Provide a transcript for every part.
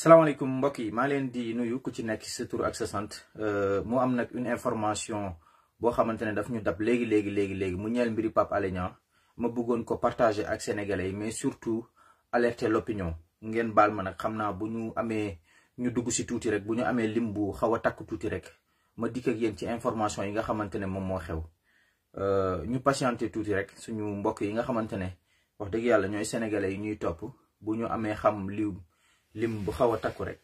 salaamaaleykum mbokk yi maa leen di nuyu ku ci nekk sa tur ak sa sant euh, mu am nag une information boo xamante ne daf ñu dab léegi léegi léegi léegi mu ñeel mbiri Pape Alé Niang ma buggoon ko partager ak sénégalais mais surtout alerter l'opinion ngeen baal ma nag xam naa bu ñu amee ñu dugg si tuuti rek bu ñu amee lim bu xaw a takk tuuti rek ma dikk ak yéen ci information yi nga xamante ne moom moo xew euh, ñu patienté tuuti rek suñu mbokk yi nga xamante ne wax dëgg yàlla ñooy sénégalais yi ñuy topp bu ñu amee xam liw lim bu xaw a takku rek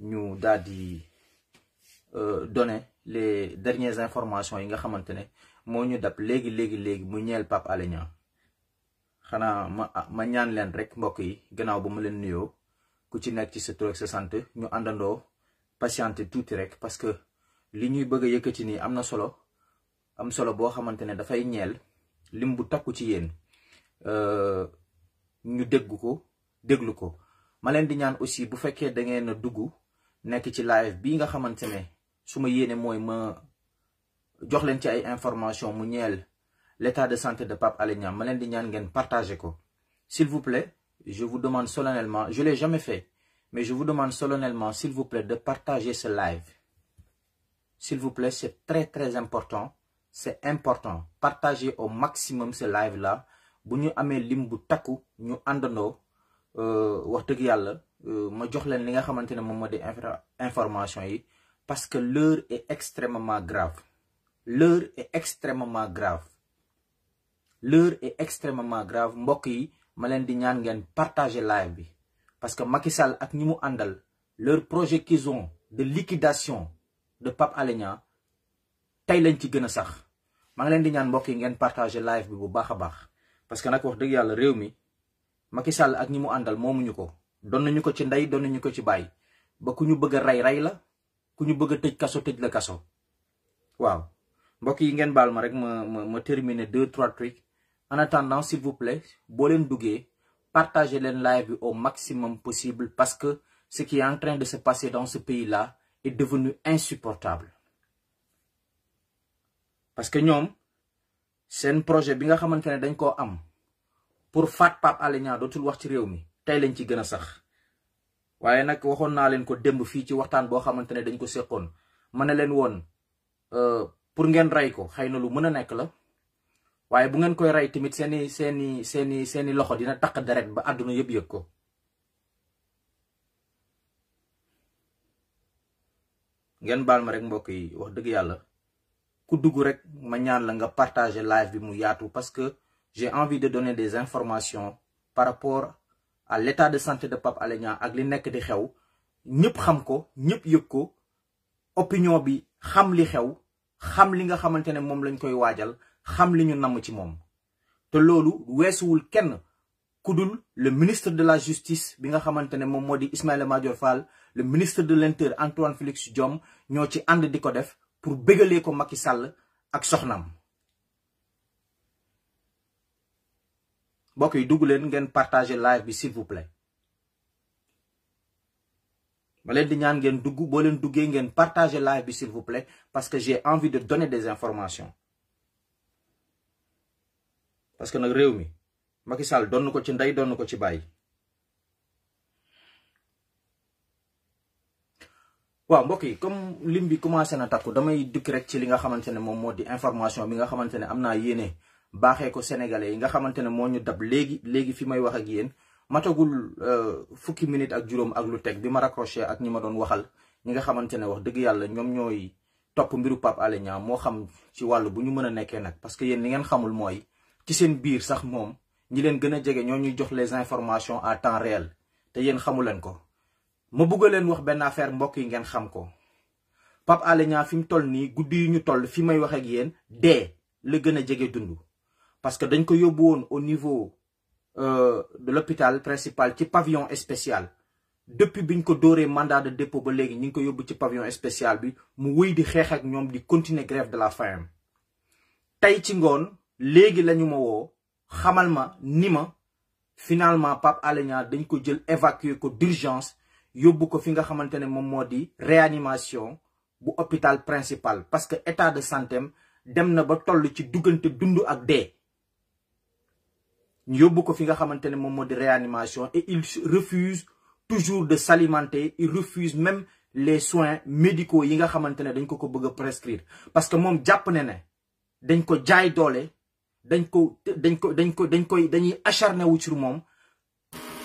ñu daal di euh, donner les dernières informations yi nga xamante ne moo ñu dab léegi léegi léegi mu ñeel Pape Alé xanaa ma ma ñaan leen rek mbokk yi gannaaw ba ma leen nuyoo ku ci nekk ci sa tur sa sant ñu àndandoo patiente tuuti rek parce que li ñuy bëgg a yëkkati nii am na solo am solo boo xamante ne dafay ñeel lim bu takku ci yéen euh, ñu dégg ko déglu ko. ma di ñaan aussi bu fekkee da ngeen a dugg nekk ci live bii nga xamante ne su ma yéene mooy ma jox leen ci ay information mu ñeel l'état de santé de Pape Alé Niang ma di ñaan ngeen partager ko s'il vous plaît je vous demande solennellement je l'ai jamais fait mais je vous demande solennellement s'il vous plaît de partager ce live s'il vous plaît c'est très très important c'est important partagez au maximum ce live là bu ñu amee lim bu takku ñu àndandoo Euh, wax dëgg yàlla euh, ma jox leen li nga xamante ne moom moo di information yi parce que l'heure et extrêmement grave l'heure et extrêmement grave l'heure est extrêmement mbokk yi ma leen di ñaan ngeen partager live bi parce que Macky Sall ak ñi mu àndal leur projet qu'ils de liquidation de Pape Alé tey lañ ci gën a sax maa ngi leen di ñaan mbokk yi ngeen partager live bi bu baax a baax parce que nag wax dëgg yàlla réew mi Macky Sall ak ñi mu àndal moomuñu ko doon nañu ko ci ndey doon nañu ko ci bàyyi ba ku ñu bëgg a rey rey la ku ñu bëgg tëj kaso tëj la kaso waaw mbokk yi ngeen baal ma rek ma ma ma terminer deux trois trucs en attendant s'il vous plaît boo leen duggee partagez leen live bi au maximum possible parce que ce qui est en train de se passer dans ce pays là est devenu insupportable parce que ñoom seen projet bi nga xamante ne dañ koo am pour faat Pape Alé Niang dootul wax ci réew mi tey lañ ci gën a sax waaye nag waxoon naa leen ko démb fii ci waxtaan boo xamante ne dañ ko seqoon ma na leen woon euh, pour ngeen rey ko xëy na lu mën a nekk la waaye bu ngeen koy rey tamit seeni seeni seeni seeni loxo dina taq deret ba àdduna yëpp yëg ko ngeen baal ma rek mbokk yi wax dëgg yàlla ku dugg rek ma ñaan la nga partager live bi mu yaatu parce que j'ai envie de donner des informations par rapport à l'état de santé de Pape Alé ak li nekk di xew ñëpp xam ko ñëpp yëg ko opinion bi xam li xew xam li nga xamante ne moom lañ koy waajal xam li ñu namm ci moom te loolu weesuwul kenn ku dul le ministre de la justice bi nga xamante ne moom moo di Ismaïla Madior Fall le ministre de l'Intérieur Antoine Félix Diome ñoo ci ànd di ko def pour bégalee ko Macky Sall ak soxnam mbokk yi dugg leen ngeen partager live bi s'il vous ma leen di ñaan ngeen dugg boo leen duggee ngeen partager live bi s'il vous parce que j'ai envie de donner des informations parce que nag réew mi Macky Sall donn ko ci ndey donn ko ci bàyyi waaw mbokk yi comme lim bi commencé na takku damay dikk rek ci li nga xamante ne moom moo di information bi nga xamante ne am naa yéene baaxee ko sénégalais yi nga xamante ne moo ñu dab léegi léegi fi may wax ak yéen matagul euh, fukki minute ak juróom ak lu teg bi ma raccroché ak ñi ma doon waxal ñi nga xamante ne wax dëgg yàlla ñoom ñooy topp mbiru Pape Alé moo xam ci wàll bu ñu mën a nekkee nag parce que yéen li ngeen xamul mooy ci seen biir sax moom ñi leen gën a jege ñoo ñuy jox les informations à temps réel te yéen xamu leen ko. ma bugga leen wax benn affaire mbokk yi ngeen xam ko Pape Alé fi mu toll nii guddi yu ñu toll fi may wax yéen dee la gën a jege dund. parce que dañ ko yóbbu woon au niveau euh, de l'hôpital principal ci pavillon spécial depuis biñ ko dooree mandat de dépôt ba léegi ñu ngi ko yóbbu ci pavillon spécial bi mu wéy di xeex ak ñoom di continuer grève de la faim tey ci ngoon léegi lañu ma woo xamal ma ni ma finalement Pape Alé dañ ko jël évacuer ko d'urgence yóbbu ko fi nga xamante ne moom moo di réanimation bu hôpital principal parce que état de santé dem na ba toll ci duggante dund ak dee ñu yóbbu ko fi nga xamante ne moom moo di réanimation et il refuse toujours de s'alimenter il refuse même les soins médicaux yi nga xamante ne dañ ko ko bëgg a parce que moom jàpp ne ne dañ ko jaay doole dañ ko dañ ko dañ ko dañ koy dañuy acharné wu ci moom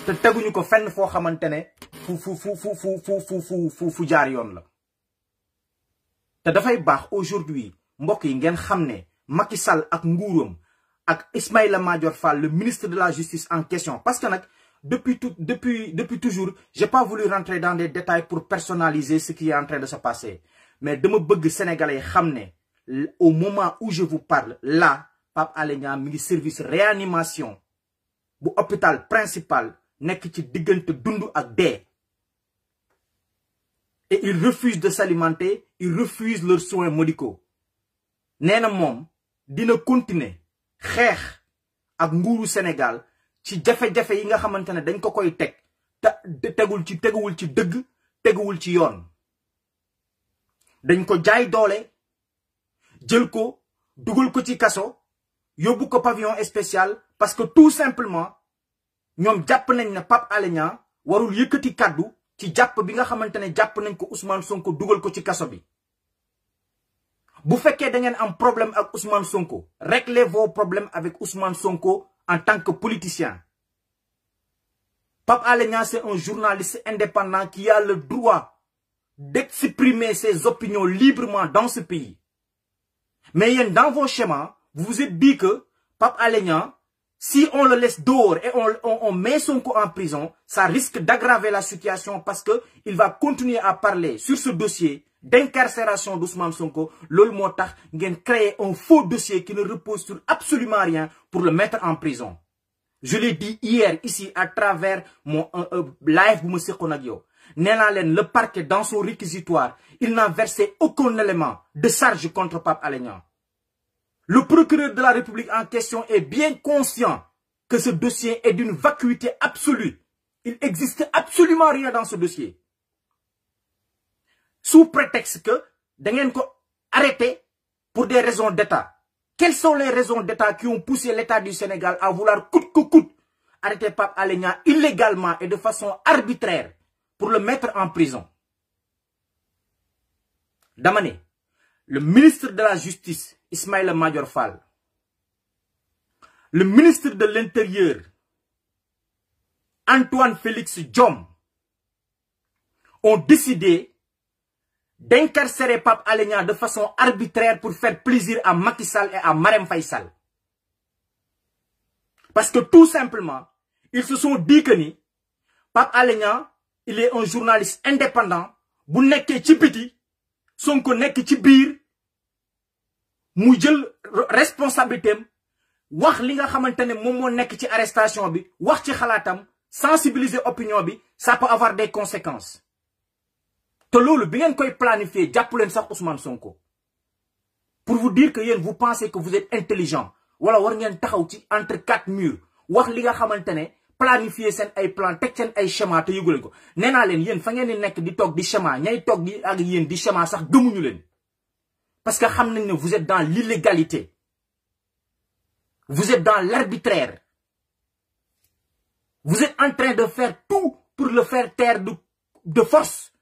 te teguñu ko fenn foo xamante ne fu fu fu fu jaar yoon la te dafay baax aujourd'hui mbokk yi ngeen xam ne Macky Sall ak nguuroom ak Ismaïla Madior Fall le ministre de la justice en question parce que nag depuis depuis depuis toujours j'ai pas voulu rentrer dans des détails pour personnaliser ce qui est en train de se passer mais dama bëgg sénégalais yi xam ne au moment où je vous parle là Pape Alé Niang mi ngi service réanimation bu hôpital principal nekk ci diggante dund ak dee et ils refusent de s'alimenter ils refusent leurs soins médicaux nee na moom dina continuer xeex ak nguuru Sénégal ci jafe-jafe yi nga xamante ne dañ ko koy teg te tegul ci teguwul ci dëgg teguwul ci yoon dañ ko jaay doole jël ko dugal ko ci kaso yóbbu ko pavillon spécial parce que tout simplement ñoom jàpp nañ ne Pape Alé Niang warul yëkkati kàddu ci jàpp bi nga xamante ne jàpp nañ ko Ousmane Sonko dugal ko ci kaso bi bu fekkee da ngeen am problème ak Ousmane Sonko réglez vos problèmes avec Ousmane Sonko en tant que politicien Pape Alé Niang c'est un journaliste indépendant qui a le droit d'exprimer ses opinions librement dans ce pays mais yéen dans vos schémas vous vous êtes dit que Pape Alé si on le laisse dehors et on on, on met Sonko en prison ça risque d'aggraver la situation parce que il va continuer à parler sur ce dossier d'incarcération d'Ousmane Sonko loolu moo tax ngeen créer un faux dossier qui ne repose sur absolument rien pour le mettre en prison je l'ai dit hier ici à travers mon euh, euh, live bu ma séqoon ak yow nee naa leen le parquet dans son réquisitoire il n'a versé aucun élément de charge contre Pape Alé le procureur de la République en question est bien conscient que ce dossier est d'une vacuité absolue il n'existe absolument rien dans ce dossier sous prétexte que da ngeen ko arrêté pour des raisons d'État quelles sont les raisons d'État qui ont poussé l'État du Sénégal à vouloir coûte que coûte arrêter Pape Alé illégalement et de façon arbitraire pour le mettre en prison dama ne le ministre de la justice Ismaïla Madior Fall le ministre de l'intérieur Antoine Félix Diome ont décidé d'incarcérer Pape Alé Niang de façon arbitraire pour faire plaisir à Macky Sall et à Marème Faye Sall parce que tout simplement ils se sont dit que ni Pape Alé il est un journaliste indépendant bu nekkee ci biti son nekk ci biir mu jël responsabilité am wax li nga xamante ne moom moo nekk ci arrestation bi wax ci xalaatam sensibiliser opinion bi ça peut avoir des conséquences te loolu bi ngeen koy planifier jàpp leen sax Ousmane Sonko pour vous dire que yéen vous pensez que vous êtes intelligent wala war ngeen taxaw ci entre quatre murs wax li nga xamante ne planifier seen ay plan teg seen ay schéma te yëgu ko nee leen yéen fa ngeen di nekk di toog di schéma ñay toog di ak yéen di schéma sax gëmuñu leen parce que xam nañ ne vous êtes dans l'illégalité vous êtes dans l'arbitraire vous êtes en train de faire tout pour le faire taire de de force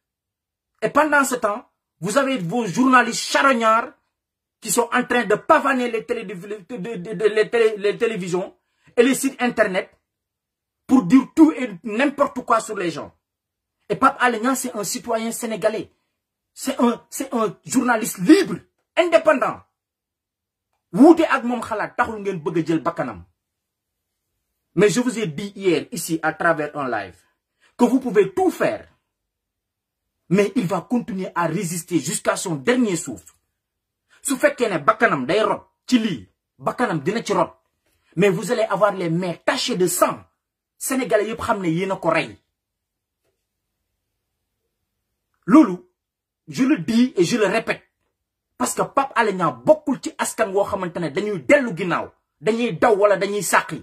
Et pendant ce temps, vous avez vos journalistes charognards qui sont en train de pavaner les, télé, les, télé, les télévisions et les sites internet pour dire tout et n'importe quoi sur les gens. Et Pape Alignan, c'est un citoyen sénégalais. C'est un, un journaliste libre, indépendant. wuute ak moom xalaat taxul ngeen bëgg jël bakkanam mais je vous ai dit hier ici à travers un live que vous pouvez tout faire mais il va continuer à résister jusqu'à son dernier souffle su fekkee ne bakkanam day rot ci lii bakkanam dina ci rot mais vous allez avoir les mains tachées de sang sénégalais yëpp xam ne yéen a ko rey loolu je le dis et je le répète parce que Pape Alé Niang bokkul ci askan woo xamante ne dañuy dellu ginnaaw dañuy daw wala dañuy sàqi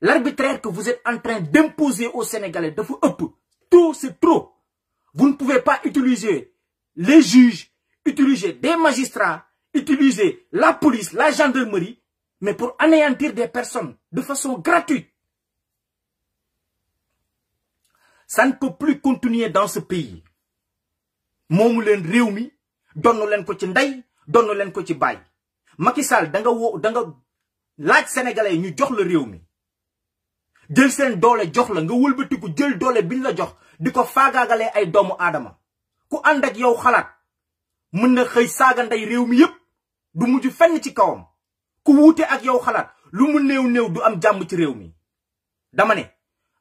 l'arbitraire que vous êtes en train d'imposer au Sénégalais dafa ëpp trop c'est trop vous ne pouvez pas utiliser les juges, utiliser des magistrats, utiliser la police, la gendarmerie, mais pour anéantir des personnes de façon gratuite. Ça ne peut plus continuer dans ce pays. moomu leen réew mi donn leen ko ci ndey donn leen ko ci baay Macky da nga woo da nga laaj sénégalais ñu jox la réew mi jël seen doole jox la nga wëlbatiku jël doole biñ la jox di ko faagaagalee ay doomu aadama ku ànd ak yow xalaat mën na xëy saaga ndey réew mi yépp du mujj fenn ci kawam ku wuute ak yow xalaat lu mu néew néew du am jàmm ci réew mi dama ne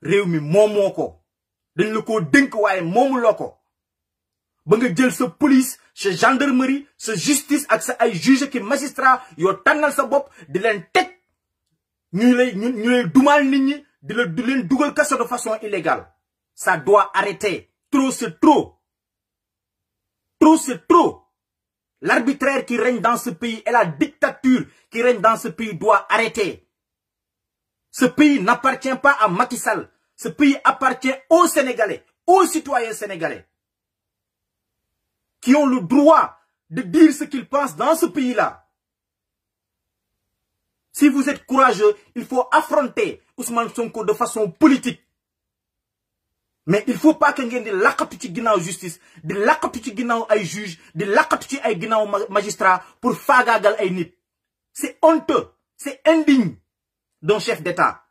réew mi moomoo ko dañ la ko dënk waaye moomuloo ko ba nga jël sa police sa gendarmerie sa justice ak sa ay juge ki magistrat yoo tànnal sa bopp di leen teg ñu lay ñu lay dumaal nit ñi di la di leen dugal kaso de façon illégale ça doit arrêter trop c'est trop trop c'est trop l'arbitraire qui règne dans ce pays et la dictature qui règne dans ce pays doit arrêter ce pays n'appartient pas à Macky Sall ce pays appartient aux Sénégalais aux citoyens sénégalais qui ont le droit de dire ce qu'ils pensent dans ce pays-là Si vous êtes courageux, il faut affronter Ousmane Sonko de façon politique. mais il faut pas que ngeen di laqatu ci ginnaaw justice di laqatu ci ginnaaw ay juge de laqatu ci ay ginnaaw magistrat pour faagaagal ay nit c'est honteux c'est indigne d'un chef d'État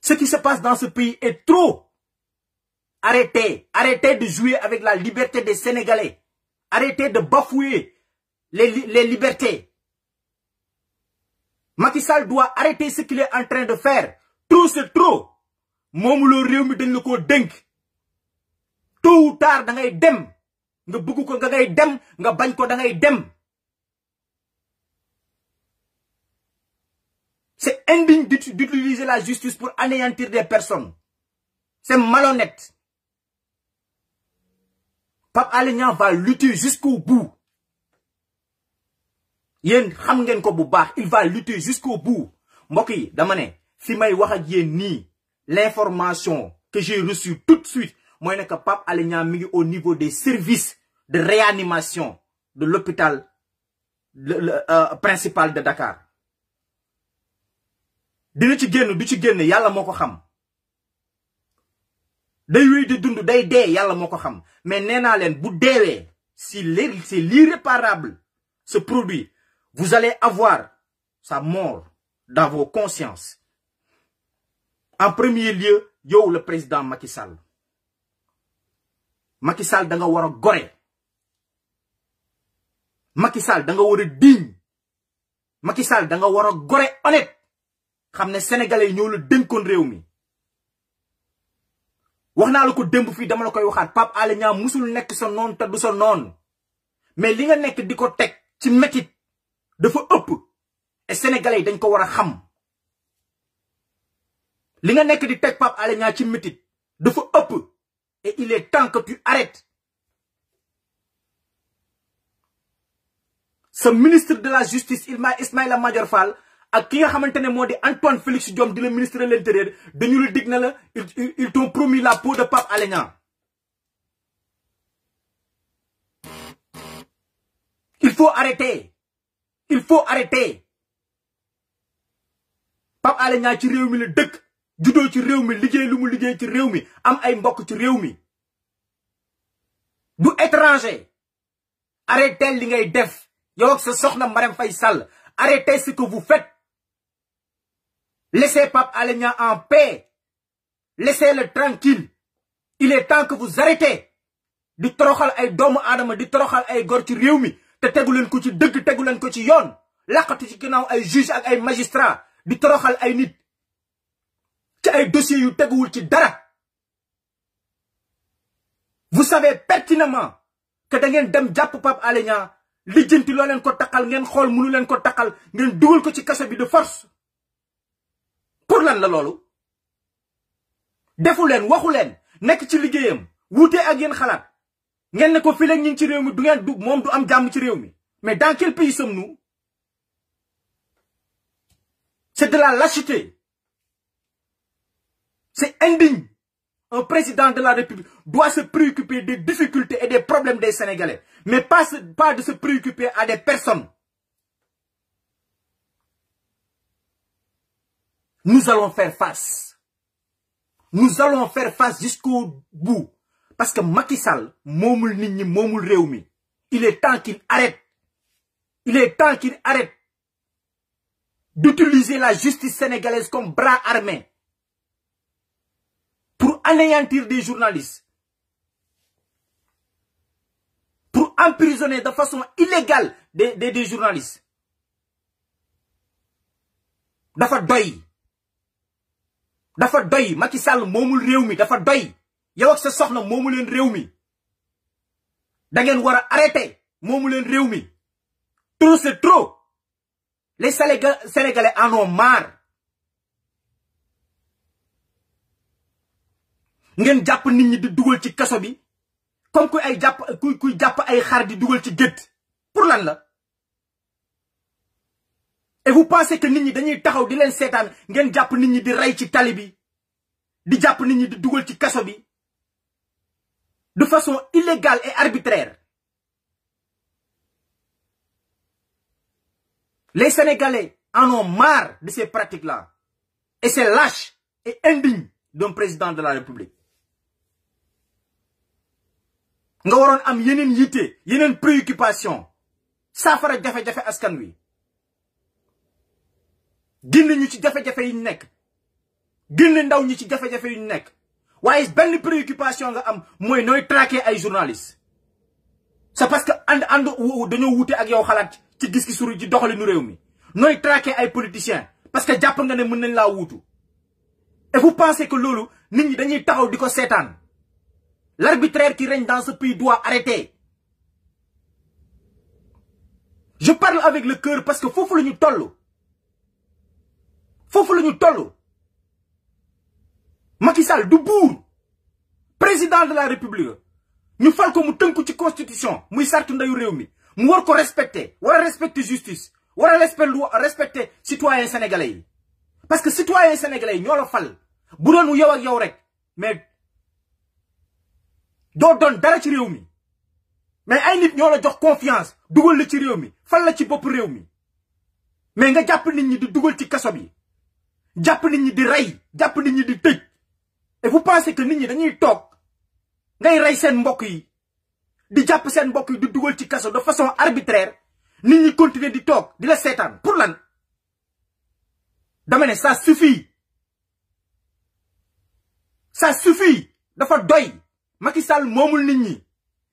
ce qui se passe dans ce pays est trop arrêtez arrêtez de jouer avec la liberté des Sénégalais arrêtez de bafouer les les libertés Macky Sall doit arrêter ce qu'il en train de faire trop c'est trop moom loo réew mi dañ la koo dénk tôt ou tard dangay dem nga bëgg ko nga ngay dem nga bañ ko da ngay dem c'est indigne d'utiliser la justice pour anéantir des personnes c'est malhonnête par Alé Niang va lutter jusqu'au bout yéen xam ngeen ko bu baax il va lutter jusqu'au bout mbokk yi dama ne fi may wax ak yéen nii l'information que j'ai reçue tout de suite mooy ne que Pape Alé mi ngi au niveau des services de réanimation de l'hôpital euh, principal de Dakar dina ci génn du ci génn yàlla moo ko xam day wéy di dund day dee yàlla moo ko xam mais nee naa leen bu deewee si c'est l'irréparable ce produit Vous allez avoir sa mort dans vos consciences. En premier lieu, yow le président Macky Sall. Macky Sall da war a gore. Macky Sall da nga war a digne. Macky Sall da nga war a gore honnête. xam ne sénégalais yi ñoo la dénkoon réew mi. wax naa la ko démb fii dama la koy waxaat Pape Alé Niang musul nekk sa noon te du sa noon mais li nga nekk di ko teg ci métit dafa ëpp et sénégalais yi dañ ko war a xam li nga nekk di teg Pape Alé ci mitit dafa ëpp et il est temps que tu arrêtes sa ministre de la justice Ismaïla Madior Fall ak ki nga xamante ne moo di Antoine Félix Diome di la ministre de l'intérieur dañu la dig na la ils t'ont promis la peau de Pape Alé il faut arrêter il faut arrêter Pape Alé Niang ci réew mi la dëkk juddoo ci réew mi liggéey lu mu liggéey ci réew mi am ay mbokk ci réew mi du étranger arrêtez li ngay def yow ak sa soxna Marème Faye Sall arrêtez ce que fet faites laissez Pape Alé Niang en paix laissez-le tranquille il est temps que vous arrêtez di toroxal ay doomu aadama di toroxal ay góor ci réew mi te tegu leen ko ci dëgg tegu leen ko ci yoon làqatu ci ginnaaw ay juge ay magistra di toroxal ay nit ci ay dossiers yu teguwul ci dara vous savez pertinemment que da dem jàpp pap Alé Niang lijjanti leen ko taqal ngeen xool mënu leen ko taqal ngeen dugal ko ci kaso bi de force pour lan la loolu defu leen waxu leen nekk ci liggéeyam wuute ak yéen xalaat ngeen ne ko fii léegi ñu ci réew mi du ngeen du moom du am jàmm ci réew mi mais dans quel pays sommes-nous c'est de la lâcheté c'est indigne un président de la République doit se préoccuper des difficultés et des problèmes des Sénégalais mais pas pas de se préoccuper à des personnes nous allons faire face nous allons faire face jusqu'au bout parce que Macky Sall moomul nit ñi moomul réew mi il est temps qu'il arrête il est temps qu'il arrête d'utiliser la justice sénégalaise comme bras armé pour anéantir des journalistes pour emprisonner de façon illégale des des, des journalistes dafa doy dafa doy Macky Sall moomul réew mi dafa doy yow ak sa soxna moomu leen réew mi dangeen ngeen war a arrêté moomu leen réew mi trop c'est trop les sénégalais en ont ngeen jàpp nit ñi di dugal ci kaso bi comme kuy ay jàpp kuy kuy jàpp ay xar di dugal ci gétt pour lan la et vous pensez que nit ñi dañuy taxaw di leen seetaan ngeen jàpp nit ñi di rey ci tali bi di jàpp nit ñi di dugal ci kaso bi de façon illégale et arbitraire. Les Sénégalais en ont marre de ces pratiques-là. est c'est lâche et indigne d'un président de la République. nga waroon am yeneen yitte yeneen préoccupation saafara jafe-jafe askan wi génn ñu ci jafe-jafe yi ñu nekk génn ndaw ñi ci jafe-jafe yu ñu nekk waaye benn préoccupation nga am mooy nooy traquer ay journalistes c'est parce que ànd ànd dañoo wuute ak yow xalaat ci gis-gisu ci doxalinu réew mi nooy traquer ay politiciens parce que jàpp nga ne mën nañ laa wuutu et vous pensez loolu nit ñi dañuy taxaw di ko seetaan l'arbitraire qui règne dans ce pays doit arrêté je parle avec le cœur parce que foofu la ñu toll foofu la ñu toll Macky Sall du buur président de la république ñu fal ko mu tënku ci constitution muy sartu ndeyu réew mi mu war ko respecter war a respecter justice war a respecter citoyen sénégalais yi parce que citoyen sénégalais yi ñoo la fal bu doon yow ak yow rek mais doo doon dara ci réew mi mais ay nit ñoo la jox confiance dugal la ci réew mi fal la ci boppu réew mi mais nga jàpp nit ñi di dugal ci kaso bi jàpp nit ñi di rey jàpp nit ñi di tëj et vous pensez que nit ñi dañuy toog ngay rey seen mbokk yi di jàpp seen mbokk yi di dugal ci kaso de façon arbitraire nit ñi continuer di toog di la seetaan pour lan dama ne ça suffit ça suffit dafa doy Macky Sall moomul nit ñi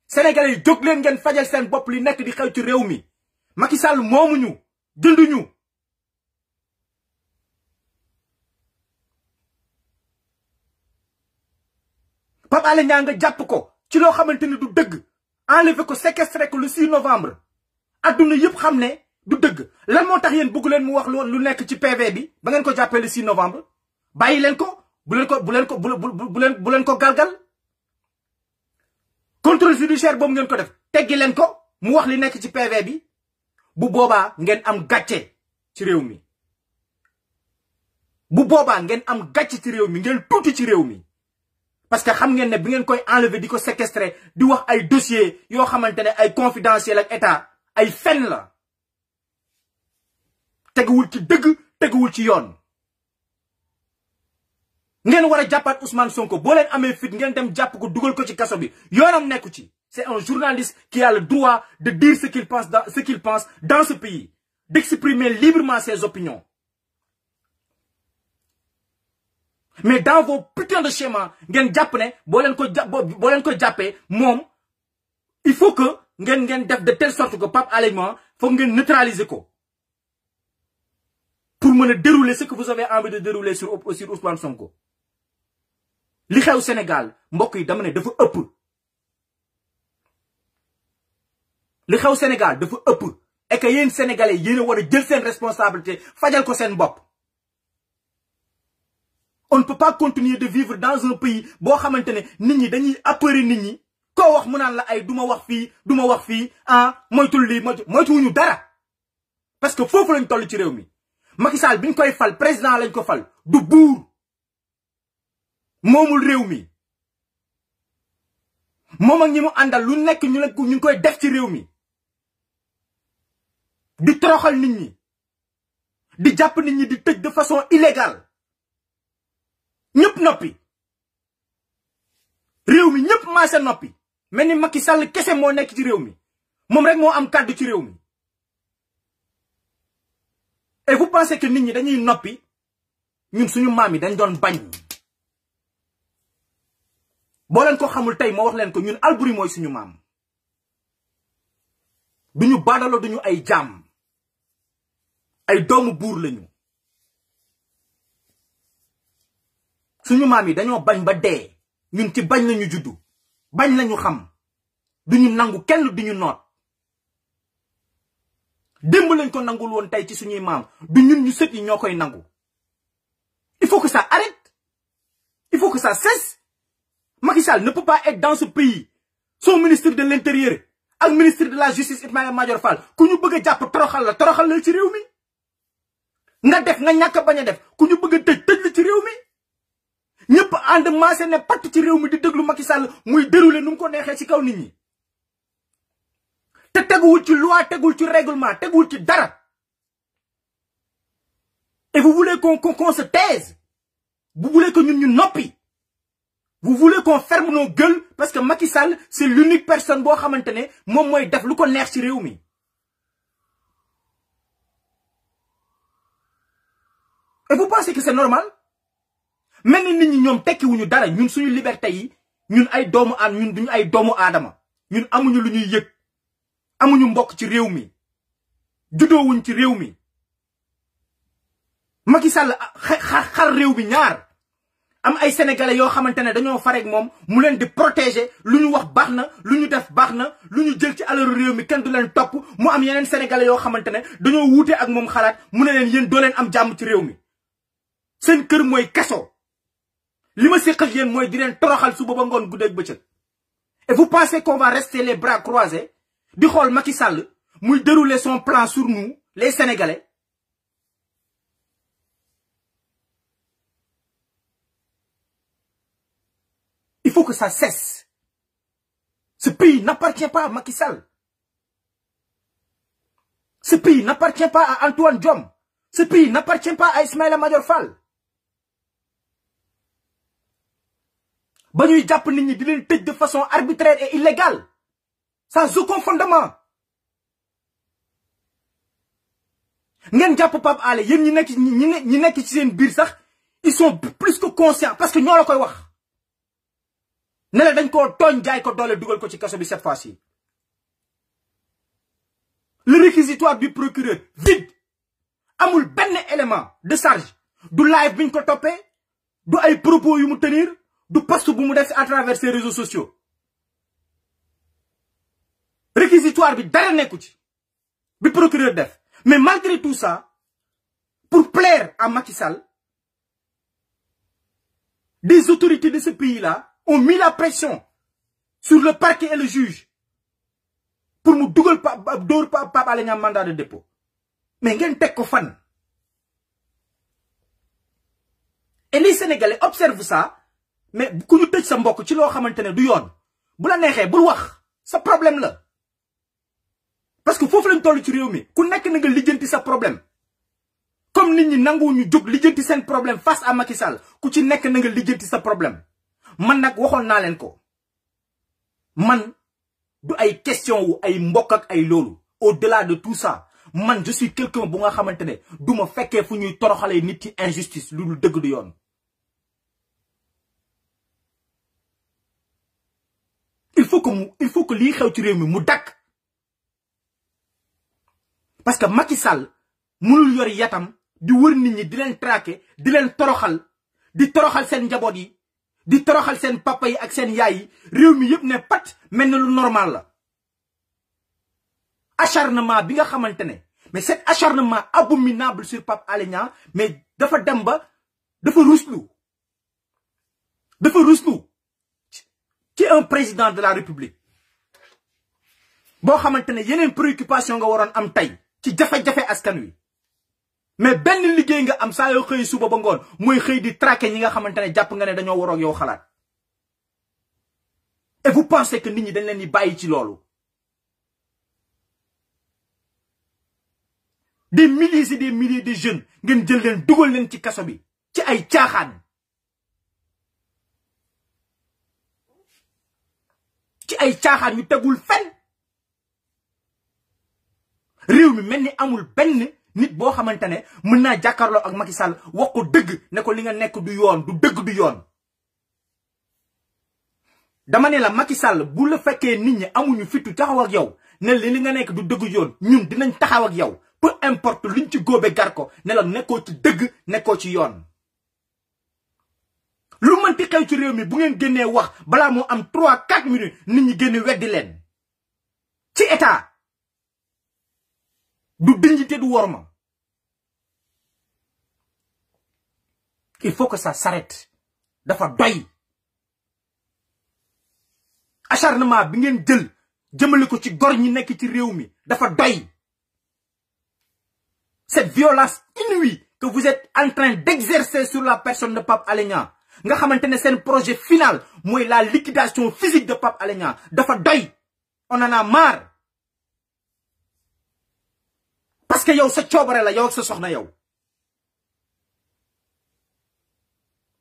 sénégalais yi jóg leen ngeen fajal seen bopp li nekk di xew ci réew mi Macky Sall moomuñu jënduñu Pape Alé Niang jàpp ko ci loo xamante ni du dëgg enlever ko séquestré ko le 6 novembre adduna yëpp xam ne du dëgg lan moo tax yéen bëgg leen mu wax lu nekk ci PV bi ba ngeen ko jàppee le 6 novembre bàyyi leen ko bu leen ko bu leen ko bu leen bu leen ko galgal contrôle judiciaire boobu ngeen ko def teggi leen ko mu wax li nekk ci PV bi bu boobaa ngeen am gàcce ci réew mi bu boobaa ngeen am gàcce ci réew mi ngeen tuuti ci réew mi parce que xam ngeen ne bi ngeen koy enlever di ko séquestrer di wax ay dossier yoo xamante ne ay confidentiel ak état ay fen la teguwul ci dëgg teguwul ci yoon ngeen war a jàppaat Ousmane Sonko boo leen amee fit ngeen dem jàpp ko dugal ko ci kaso bi yoonam nekku ci c'est un journaliste qui a le droit de dire ce qu'il pense dans ce qu'il pense dans ce pays d'exprimer librement ses opinions mais dans vos putains de schémas ngeen jàpp ne boo leen ko boo leen ko jàppee moom il faut que ngeen ngeen def de telle sorte que Pape Alé Niang foog ngeen neutraliser ko pour mën a dérouler ce que vous avez envie de dérouler sur sur Ousmane Sonko li xew Sénégal mbokk yi dama dafa ëpp li xew Sénégal dafa ëpp et que yéen sénégalais yéen a war a jël seen responsabilité fajal ko seen bopp on ne continuer de vivre dans un pays boo xamante ne nit ñi dañuy appeler nit ñi koo wax mu naan la ay duma wax fii duma wax fii ah moytul lii moytu moytuwuñu dara parce que foofu lañ toll ci réew mi Macky Sall bi ñu koy fal président lañ ko fal du buur moomul réew mi moom ak ñi mu àndal lu nekk ñu ne ñu koy def ci réew mi di toroxal nit ñi di jàpp nit ñi di tëj de façon illégale ñëpp noppi réew mi ñëpp maase noppi mel ni Macky Sall kese moo nekk ci réew mi moom rek moo am kàddu ci réew mi et vous pensez que nit ñi dañuy noppi ñun suñu maam yi dañ doon bañ boo leen ko xamul tey moo wax leen ko ñun Alboury mooy suñu maam duñu baadalo duñu ay jaam ay doomu buur lañu suñu maam yi dañoo bañ ba dee ñun ci bañ lañu juddu bañ lañu xam duñu nangu kenn duñu noot démb lañ ko nangul woon tey ci suñuy maam du ñun ñu sët yi ñoo koy nangu il faut que ça arrête il faut que ça cesse Macky Sall ne peut pas être dans ce pays son ministre de l'intérieur ak ministre de la justice Ismaïla Madior Fall ku ñu bëgg a jàpp toroxal la toroxal la ci réew mi nga def nga ñàkk bañ a def ku ñu bëgg a tëj tëj la ci réew mi ñëpp ànd maase ne patt ci réew mi di déglu Macky Sall muy déroulé nu mu ko neexee ci kaw ni ñi te teguwul ci loi teguwul ci règlement teguwul ci dara et vous voulez qu'on qu'on se taise vous voulez que ñun ñu noppi vous voulez ko ferme nos gueules parce que Macky Sall c'est l'unique personne boo xamante ne moom mooy def lu ko neex ci réew mi et vous pensez que c'est normal mel ni nit ñi ñoom tekkiwuñu dara ñun suñu liberté yi ñun ay doomu aan ñun duñu ay doomu aadama ñun amuñu lu ñuy yëg amuñu mbokk ci réew mi juddoowuñ ci réew mi Macky Sall ah, xar réew bi ñaar am ay sénégalais yoo xamante ne dañoo fareeg moom mu leen di protéger lu ñu wax baax na lu ñu def baax na lu ñu jël ci alalu réew mi kenn du leen topp mu am yeneen sénégalais yoo xamante ne dañoo wuute ak moom xalaat mu ne leen yéen doo leen am jàmm ci réew mi seen kër mooy keso li ma séq ak mooy di leen toroxal su booba ngoon guddeeg bëccëg et vous pensez qu'on va rester les bras croisés di xool Macky Sall muy dérouler son plan sur nous les Sénégalais il faut que ça cesse ce pays n'appartient pas à Macky Sall ce pays n'appartient pas à Antoine Diome ce pays n'appartient pas à Ismaïla Madior Fall ba ñuy jàpp nit ñi di tëj de façon arbitraire et illégale sans aucun fondement ngeen jàpp Pape Alé yéen ñi nekk ñi ñi nekk ci seen biir sax ils sont plus que conscients parce que ñoo la koy wax ne la dañ koo tooñ jaay ko doole dugal ko ci kaso bi cette fois-ci le réquisitoire du procureur vide amul benn élément de charge du live biñ ko toppee du ay propos yu mu tenir du poste bu mu def à travers ses réseaux sociaux réquisitoire bi dara nekku ci bi procureur def mais malgré tout ça pour plaire à Macky Sall des autorités de ce pays-là ont mis la pression sur le parquet et le juge pour mu dugal pa dóor pa Pape Alé Niang mandat de dépôt mais ngeen teg ko fan et les Sénégalais observent ça mais ku ñu tëj sa mbokk ci loo xamante ne du yoon bu la neexee bul wax sa problème la parce que foofu lañ toll ci réew mi ku nekk na nga lijjanti sa problème comme nit ñi nanguwuñu jóg lijjanti seen problème face à Macky Sall ku ci nekk na nga lijjanti sa problème man nag waxoon naa leen ko man du ay question wu ay mbokk ak ay loolu au-delà de tout sa man je suis quelqu'un bu nga xamante ne du ma fekkee fu ñuy toroxalee nit ci injustice lu dul dëgg du yoon faut mu il faut que lii xew ci réew mi mu dakk parce que Macky Sall mënul yor yatam di wër nit ñi di leen traqué di leen toroxal di toroxal seen njaboot yi di toroxal seen papa yi ak seen yaay yi réew mi yëpp ne pat mel na normal la acharnement bi nga xamante ne mais cet acharnement abominable sur Pape Alé mais dafa dem ba dafa ruslu dafa ruslu ci président de la république boo xamante ne yeneen préoccupation nga waroon am tey ci jafe-jafe askan wi mais benn liggéey nga am saa yoo xëy suba ba ngoon muy xëy di traquer ñi nga xamante ne jàpp nga ne dañoo waroon yow xalaat et vous pensez que nit ñi dañ leen di bàyyi ci loolu des milliers et des milliers de jeunes ngeen jël leen dugal leen ci kaso bi ci ay caaxaan ci ay caaxaan yu tegul fenn réew mi mel ni amul benn nit boo xamante ne mën naa jàkkarloo ak Macky Sall wax ko dëgg ne ko li nga nekk du yoon du dëgg du yoon dama ne la Macky Sall bu la fekkee nit ñi amuñu fitu taxaw yow ne li li nga nekk du dëgg yoon ñun dinañ taxaw ak yow pour importe luñ ci góobe gar ko ne la nekkoo ci dëgg nekkoo ci yoon lu man ti xew ci réew mi bu ngeen génnee wax balaa moo am trois quatre minutes ni ñi génne weddi leen ci état du dignité du worma il faut que ça s'arrête dafa doy acharnement bi ngeen jël jëmale ko ci gor ñi nekk ci réew mi dafa doy cette violence inouïe que vous êtes en train d'exercer sur la personne de Pape Alé Niang nga xamante ne seen projet final mooy la liquidation physique de pap Alé Niang dafa doy on en a marre parce que yow sa coobare la yow sa soxna yow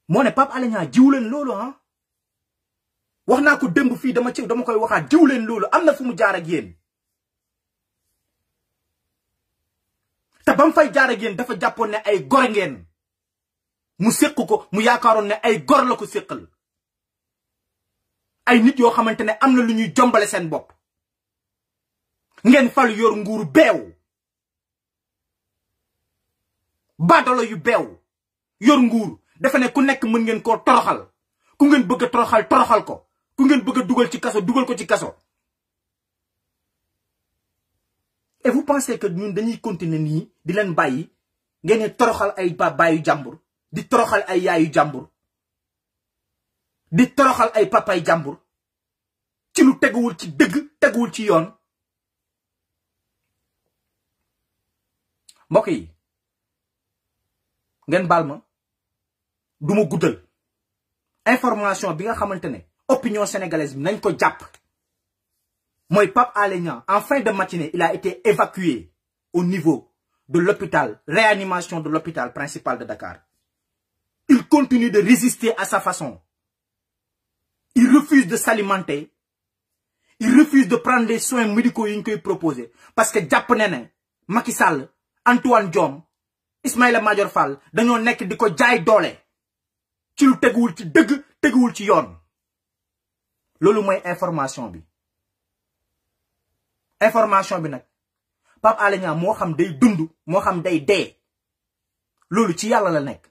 moo ne Pape Alé Niang jiw leen loolu ah wax naa ko démb fii dama ci dama koy waxaat jiw leen loolu am na fu mu jaar ak yéen te ba mu fay jaar ak dafa jàppoon ne ay gore mu séq ko mu yaakaaroon ne ay gor la ko séqal ay nit yoo xamante ne am na lu ñuy jombale seen bopp ngeen fal yor nguur beew baadolo yu beew yor nguur dafa ne ku nekk mën ngeen koo toroxal ku ngeen bëgg a toroxal toroxal ko ku ngeen bëgg a dugal ci kaso dugal ko ci kaso et vous pensez que ñun dañuy continuer nii di leen bàyyi ngeen toroxal ay ba bàyyu jàmbur di toroxal ay yaayu jàmbur di toroxal ay papay jàmbur ci lu teguwul ci dëgg teguwul ci yoon mbokk yi ngeen bal ma du ma guddal information bi nga xamante ne opinion sénégalaise bi nañ ko jàpp mooy Pape Alé Niang en fin de matinée il a été évacué au niveau de l'hôpital réanimation de l'hôpital principal de Dakar il continue de résister à sa façon. Il refuse de s'alimenter. Il refuse de prendre les soins médicaux qu'il peut proposer. Parce que Japonene, Macky Sall, Antoine Diom, Ismaïla Madior Fall, dañoo nekk di ko jaay doole. ci lu teguwul ci dëgg teguwul ci yoon. loolu mooy information bi. information bi nag Pape Alé Niang moo xam day dund moo xam day dee. loolu ci yàlla la nekk.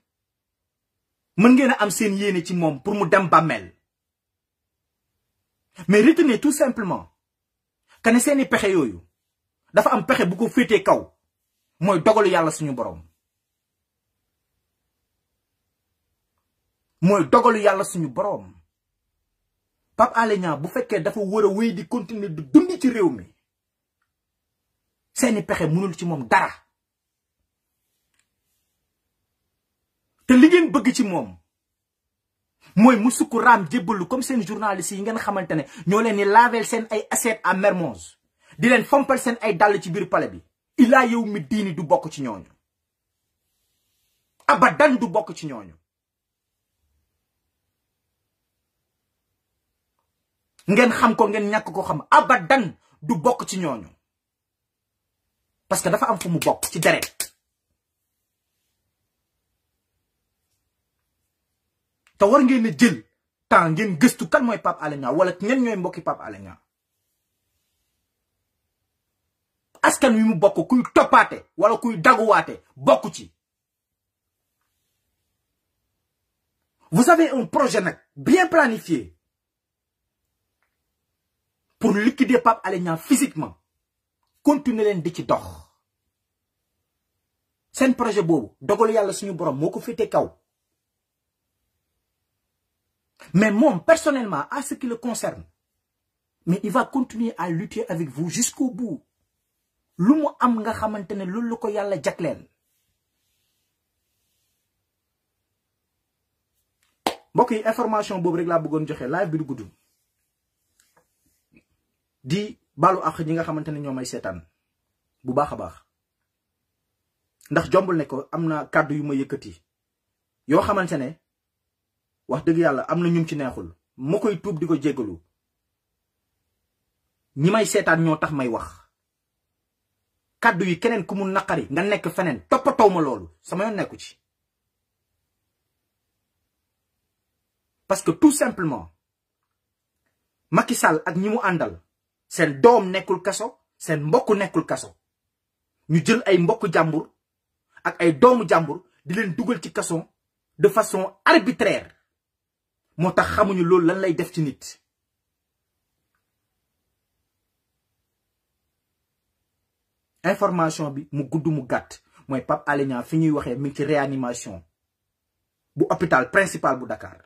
mën ngeen a am seen yéene ci moom pour mu dem bàmmeel mais retenez tout simplement que ne seeni pexe yooyu dafa am pexe bu ko féetee kaw mooy dogalu yàlla suñu boroom mooy dogalu yàlla suñu boroom Pape Alé Niang bu fekkee dafa war a wéy di continuer du dund ci réew mi seeni pexe mënul ci moom dara te li bëgg ci moom mooy mu sukk raam jébbalu comme seen journaliste yi ngeen xamante ne ñoo leen ni lavel seen ay assiette à Mermoz di leen fompal seen ay dàll ci biir pale bi ilaa yow mi diini du bokk ci ñooñu abadan du bokk ci ñooñu ngeen xam ko ngeen ñàkk ko xam abadan du bokk ci ñooñu parce que dafa am fu mu bokk ci deret te war ngeen a jël temps ngeen gëstu kan mooy Pape Alé Niang wala ñen ñooy mbokki Pape Alé Niang askan wi mu bokk kuy toppaate wala kuy daguwaate bokku ci vous avez un projet nag bien planifié pour liquider Pape Alé Niang physiquement continuer leen di ci dox seen projet boobu dogal yàlla suñu borom moo ko féete kaw Mais moom personnellement, à ce qui le concerne, mais il va continuer à lutter avec vous jusqu'au bout. lu mu am nga xamante ne loolu la ko yàlla jagleel leen yi information boobu rek laa bëggoon joxe live bi du gudd di baalu ak ñi nga xamante ne ñoo may seetaan bu baax a baax ndax jombul ne ko am na kàddu yu ma yëkkati yoo xamante ne wax dëgg yàlla am na ñum ci neexul ma koy tuub di ko jéggalu ñi may seetaan ñoo tax may wax kàddu yi keneen ku mu naqari nga nekk feneen toppatoo ma loolu sama yoon nekku ci parce que tout simplement Macky Sall ak ñi mu àndal seen doom nekkul kaso seen mbokk nekkul kaso ñu jël ay mbokk jàmbur ak ay doomu jàmbur di leen dugal ci kason de façon arbitraire moo tax xamuñu loolu lan lay def ci nit information bi mu gudd mu gàtt mooy Pape Alé Niang fi ñuy waxee mi ngi ci réanimation bu hôpital principal bu Dakar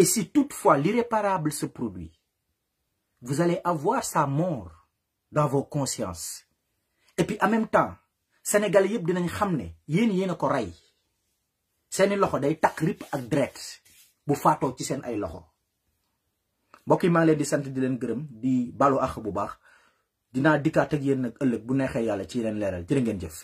et si toutefois l'irréparable se produit vous allez avoir sa mort dans vos consciences et puis en même temps sénégal yëpp dinañ xam ne yéen yéen a ko rey seeni loxo day takk rip ak deret bu faatoo ci seen ay loxo mbokk yi maa ngi leen di sant di leen gërëm di balu àq bu baax dinaa dikkaat ak yéen nag ëllëg bu neexee yàlla ci leen leeral jërë ngeen jëf.